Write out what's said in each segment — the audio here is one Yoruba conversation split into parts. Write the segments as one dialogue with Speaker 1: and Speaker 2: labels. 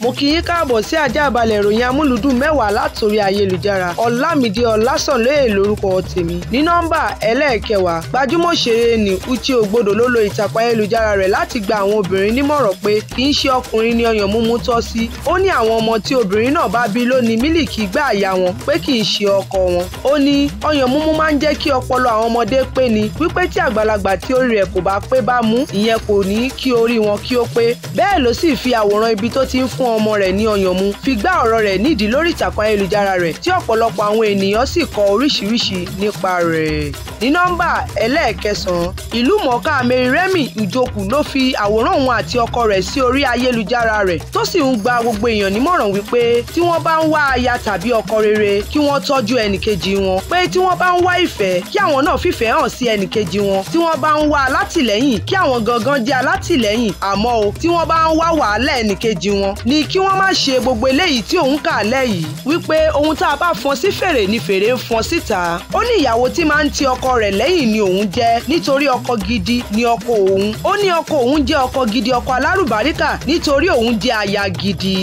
Speaker 1: mo kí yín káàbọ̀ sí àjàbalẹ̀ ìròyìn amúlùdùn mẹ́wàá látòrí ayélujára ọ̀làmídé ọ̀làsànlóye lórúkọ tèmi ní nọ́mbà ẹlẹ́ẹ̀kẹwàá gbajúmọ̀ òṣèré ni uche ogbodo ló lo ìtàkùn ayélujára rẹ̀ láti gba àwọn obìnrin nímọ̀ràn pé kì í ṣe ọkùnrin ni ọyàn múmú tọ́ sí ó ní àwọn ọmọ tí obìnrin náà bá bí ló mílìkì gbá àyà wọn pé kì í ṣe ọkọ wọn ó ní ọyàn múmú máa ń jẹ́ kí ọpọlọ àwọn ọmọdé pé ni wípé tí àgbàlagbà tí orí rẹ̀ kò bá pé bá mú ìyẹn kò ní kí orí wọn kí ó pé bẹ́ẹ̀ ló sì fi àwòrán ibi tó ti ń fún fáwọn ọmọ rẹ̀ ní ọyàn mu fi gbá ọ̀rọ̀ rẹ̀ nídìí lórí ìtàkùn ayélujára rẹ̀ tí ọ̀pọ̀lọpọ̀ àwọn ènìyàn sì kọ oríṣiríṣi nípa rẹ̀ ní nọ́mbà ẹlẹ́ẹ̀kẹsàn-án ìlúmọ̀ọ́ká Merírẹ́mì Ìjókù ló fi àwòrán òun àti ọkọ rẹ̀ sí orí ayélujára rẹ̀ tó sì ń gba gbogbo èèyàn nímọ̀ràn wípé tí wọ́n bá ń wá aya tàbí ọkọ rere kí wọ́n tọ́jú ẹnìkejì wọn pé tí wọ́n bá ń wá ìfẹ́ kí àwọn náà fìfẹ́ hàn sí ẹnìkejì wọn tí wọ́n bá ń wá alátìlẹ́yìn kí àwọn gangan jẹ́ alátìlẹ́yìn àmọ́ o tí wọ́n bá ń wá wàhálà ẹnìkejì wọn ni kí wọ́n má ṣe gbogbo eléyìí tí òun kà lẹ́yìn wípé ohun tá a bá fọn sí fèrè ni fèrè ń fọn síta ó ní ìyàwó tí máa ń ti ọkọ ọkọ rẹ̀ lẹ́yìn ni òun jẹ́ nítorí ọkọ gidi ni ọkọ òun ó ní ọkọ òun jẹ́ ọkọ gidi ọkọ alárùbáríkà nítorí òun jẹ́ aya gidi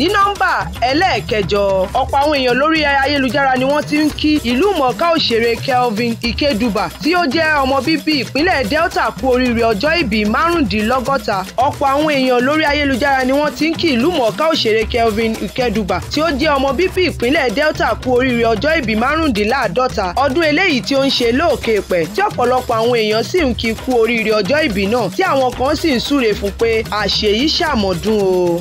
Speaker 1: ní nọ́mbà ẹlẹ́ẹ̀kẹjọ ọ̀pọ̀ àwọn èèyàn lórí ayélujára ni wọ́n ti ń kí ìlú mọ̀ọ́ká òṣèré Kelvin Ikeduba tí ó jẹ́ ọmọ bíbí ìpínlẹ̀ Delta kú oríire ọjọ́ ìbí márùndínlọ́gọ́ta ọ̀pọ̀ àwọn èèyàn lórí ayélujára ni wọ́n ti ń kí ìlú mọ̀ọ́ká òṣèré Kelvin Ikeduba tí ó jẹ́ ọmọ bíbí ìpínlẹ̀ Delta kú oríire ọjọ́ ìbí márùndínláàdọ́ta ọdún eléyìí tí ó ń ṣe lóòkè pẹ̀ tí ọ̀pọ̀lọpọ̀ àwọn èèyàn sì ń kí kú oríire ọjọ́ ìbí náà tí àwọn kan sì ń súre fún pé àṣeyí ṣàmọ̀dún o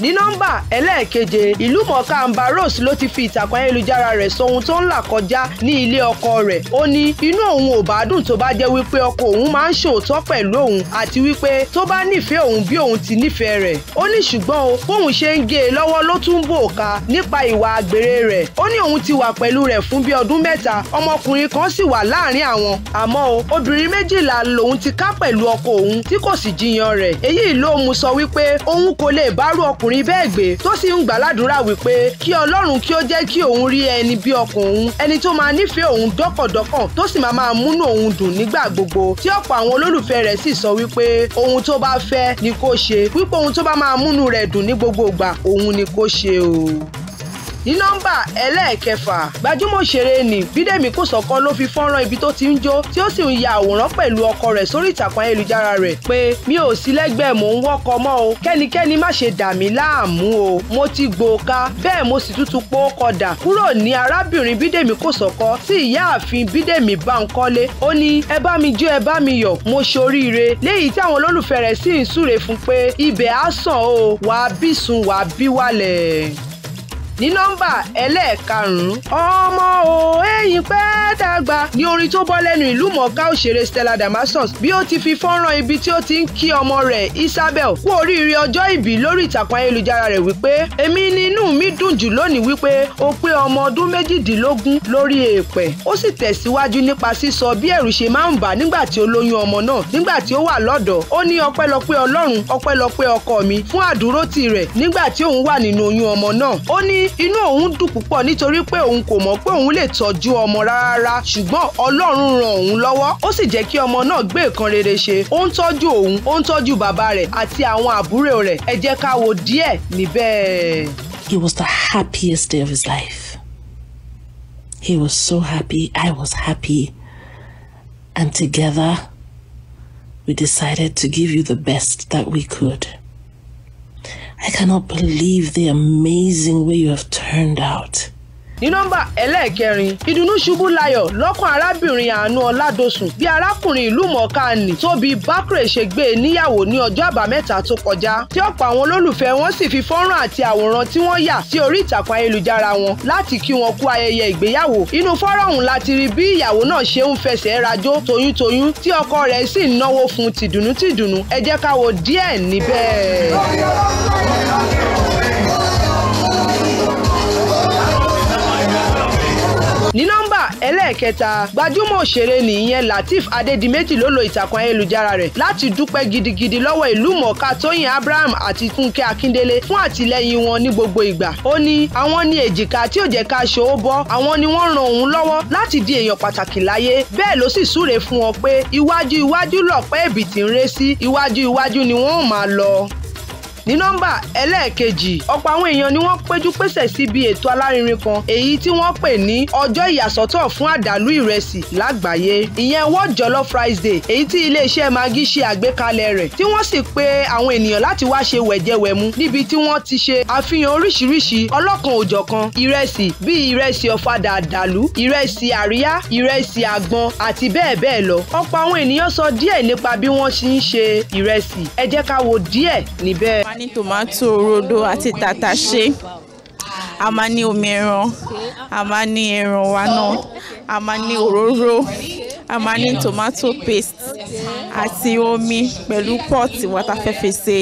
Speaker 1: ní nọ́mbà ẹlẹ́ẹ̀keje ìlúmọ̀ọ́ká Amber Rose ló ti fi ìtàkùn ayélujára rẹ̀ sọ ohun tó ń là kọjá ní ilé ọkọ rẹ̀ ó ní inú òun ò bá dùn tó bá jẹ́ wípé ọkọ òun máa ń ṣòótọ́ pẹ̀lú òun àti wípé tó bá nífẹ̀ẹ́ òun bí òun ti nífẹ̀ẹ́ rẹ̀ ó ní ṣùgbọ́n o bóun ṣe ń gé e lọ́wọ́ ló tún bò ká nípa ìwà àgbèrè rẹ̀ ó ní òun ti wà pẹ̀lú rẹ̀ fún bí ọdún mẹ́ta ọmọkùnrin kan sì wà láàrin àwọn àmọ́ o obìnrin méjìlá lòun ti ká pẹ̀lú ọkọ òun tí kò sì jiyàn rẹ̀ èyí ló mú sọ wípé òun kò lè bárú ọkùnrin ọkùnrin bẹ́ẹ̀ gbé tó sì ń gbàládùúrà wípé kí ọlọ́run kí ó jẹ́ kí òun rí ẹni bí ọkàn òun ẹni tó máa nífẹ̀ẹ́ òun dọ́kàndọ́kàn tó sì máa máa múnú òun dùn nígbà gbogbo tí ọ̀pọ̀ àwọn olólùfẹ́ rẹ̀ sì sọ wípé ohun tó bá fẹ́ ni kó ṣe wípé ohun tó bá máa múnú rẹ̀ dùn ní gbogbo ìgbà òun ni kó ṣe o ní nọ́mbà ẹlẹ́ẹ̀kẹfà gbajúmọ̀ òṣèré ni Bídèmí Kòsọ́kọ́ ló fi fọ́nrán ibi tó ti ń jó tí ó sì ń ya àwòrán pẹ̀lú ọkọ rẹ̀ sórí ìtàkùn ayélujára rẹ̀ pé mi ò sí lẹ́gbẹ̀ẹ́ mò ń wọ́kọ̀ mọ́ o kẹ́nikẹ́ni má ṣe dà mí láàmú o mo ti gbòòka bẹ́ẹ̀ mo sì tútù pó kọdà kúrò ní arábìnrin Bídèmí Kòsọ́kọ́ sí ìyáàfin Bídèmí Bánkọ́lé ó ní ẹ bá mi jó ẹ bá mi yọ̀ mo ṣoríire léyìí tí àwọn olólùfẹ́ rẹ̀ sì ń súre fún pé ibẹ̀ á sàn o wàá bísun wàá bí wálẹ̀ ní nọ́mbà ẹlẹ́ẹ̀karùn-ún ọmọ òhẹ́yìn pẹ́ dàgbà ní orin tó bọ́ lẹ́nu ìlú mọ̀ọ́ká òṣèré Stella Damasus bí ó ti fi fọ́nrán ibi tí ó ti ń kí ọmọ rẹ̀ Isabel kú oríire ọjọ́ ìbí lórí ìtàkùn ayélujára rẹ̀ wípé èmi ni inú mi dùn jù lónìí wípé ó pé ọmọ ọdún méjìdínlógún lórí èèpẹ̀ ó sì tẹ̀síwájú nípa sísọ bí ẹ̀rù ṣe máa ń bà nígbà tí ó lóyún ọmọ náà nígbà tí ó wà lọ́dọ̀ ó ní ọpẹ́lọpẹ́ Ọlọ́run ọpẹ́lọpẹ́ ọkọ mi fún àdúrótì rẹ̀ nígbà tí òun wà nínú oyún ọmọ náà ó ní inú òun dùn púpọ̀ nítorí pé òun kò mọ̀ pé òun lè tọ́jú ọmọ rárá ṣùgbọ́n ọlọ́run ran òun lọ́wọ́ ó sì jẹ́ kí ọmọ náà gbé nǹkan rere ṣe ó ń tọ́jú òun ó ń tọ́jú bàbá rẹ̀ àti àwọn àbúrò rẹ̀ ẹ jẹ́ ká wo díẹ̀ níbẹ̀. It was the happiest day of his life. He was so happy. I was happy. And together, we decided to give you the best that we could. I cannot believe the amazing way you have turned out. ní nọ́mbà ẹlẹ́ẹ̀kẹrin ìdùnnú ṣubú layọ̀ lọ́kàn arábìnrin àánú ọ̀làdọ̀sùn bí arákùnrin ìlú mọ̀ọ́ká nì tóbi bákùrè ṣe gbé e níyàwó ní ọjọ́ àbámẹ́ta tó kọjá tí ọ̀pọ̀ àwọn olólùfẹ́ wọn sì fi fọ́nrán àti àwòrán tí wọ́n yà sí orí ìtàkùn ayélujára wọn láti kí wọn kú ayẹyẹ ìgbéyàwó inú fọ́nrán ọ̀hún láti rí bí ìyàwó náà ṣe ń fẹsẹ̀ rajó toyúntoyún tí ọkọ rẹ̀ sì ń náwó fún tìdùnnú ẹ jẹ́ ká wo díẹ̀ níbẹ̀. ní nọ́mbà ẹlẹ́ẹ̀kẹta gbajúmọ̀ òṣèré nìyẹn Latif Adédìméjì ló lo ìtàkùn ayélujára rẹ̀ láti dúpẹ́ gidigidi lọ́wọ́ ìlú mọ̀ọ́ká Abraham àti Fúnkẹ́ Akíndélé fún àtìlẹ́yìn wọn ní gbogbo ìgbà ó ní àwọn ní èjìká tí ò jẹ́ ká ṣòwò bọ́ àwọn ni wọ́n ran òun lọ́wọ́ láti di èèyàn pàtàkì láyé bẹ́ẹ̀ ló sì súre fún wọn pé iwájú iwájú lọ̀pẹ́ èbìtì ń ré sí iwájú iwájú ni wọ́n máa lọ ní nọ́mbà ẹlẹ́ẹ̀kejì ọ̀pọ̀ àwọn èèyàn ni wọ́n péjú pésẹ̀ síbi ètò alárinrin kan èyí tí wọ́n pè ní ọjọ́ ìyàsọ́tọ̀ fún àdàlú ìrẹsì lágbàáyé ìyẹn World Jollof Rice Day èyí tí iléeṣẹ́ magi ṣe àgbékalẹ̀ rẹ̀ tí wọ́n sì pe àwọn ènìyàn láti wá ṣe wẹ̀jẹwẹ̀mu níbi tí wọ́n ti ṣe àfihàn oríṣiríṣi ọlọ́kan òjọ̀kan ìrẹsì bíi ìrẹsì ọ̀fadà àdàlú ìrẹsì àríyá ìrẹsì àgbọn àti bẹ́ẹ̀ bẹ́ẹ̀ lọ ọ̀pọ̀ àwọn ènìyàn sọ díẹ̀ nípa bí wọ́n ṣe ń ṣe ìrẹsì ẹ jẹ́ ká wo díẹ̀ níbẹ̀ ní tòmátò rodo àti tàtàṣé a máa ní omi ẹran a máa ní ẹran wa náà a máa ní òróró a máa ní tòmátò paste àti omi pẹ̀lú pọ́ọ̀tì wa tá fẹ́ fèsè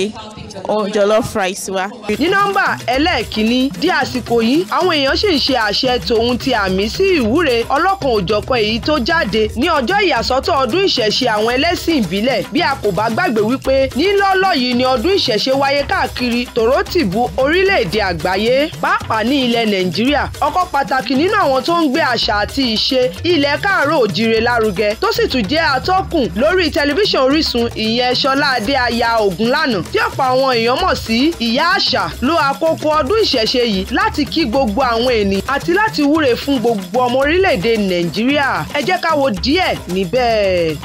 Speaker 1: jollof rice wa. ní nọ́mbà ẹlẹ́ẹ̀kínní di àsìkò yìí àwọn èèyàn sì ń ṣe àṣẹ tòun ti àmì sí ìwúre ọlọ́kan òjọ̀kan èyí tó jáde ní ọjọ́ ìyàsọ́tọ̀ ọdún ìṣẹ̀ṣe àwọn ẹlẹ́sìn ìbílẹ̀ bí a kò bá gbàgbé wípé nílọ́lọ́ yìí ni ọdún ìṣẹ̀ṣe wáyé káàkiri tòrótìbù orílẹ̀-èdè àgbáyé pàápàá ní ilẹ̀ nàìjíríà ọkọ̀ pàtàkì nínú àwọn tó ń gbé àṣà àti ìṣe ilẹ̀ káàárọ̀ òjire lárugẹ tó sì tún jẹ́ atọ́kùn lórí tẹlifíṣàn orísun ìyẹn ṣọlá adé aya ògúnlànà tí ọ̀pọ̀ àwọn àwọn èèyàn mọ̀ sí ìyá àṣà lo àkókò ọdún ìṣẹ̀ṣe yìí láti kí gbogbo àwọn ènìyàn àti láti wúre fún gbogbo ọmọ orílẹ̀-èdè nàìjíríà ẹ jẹ́ ká wo díẹ̀ níbẹ̀.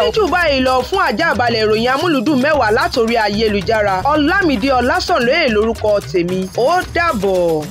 Speaker 1: oníjù báyìí lọ fún àjàbalẹ̀ ìròyìn amúlùdùn mẹ́wàá látòrí ayélujára ọlámídé ọlásànlóye lórúkọ tèmi ó dàbọ̀.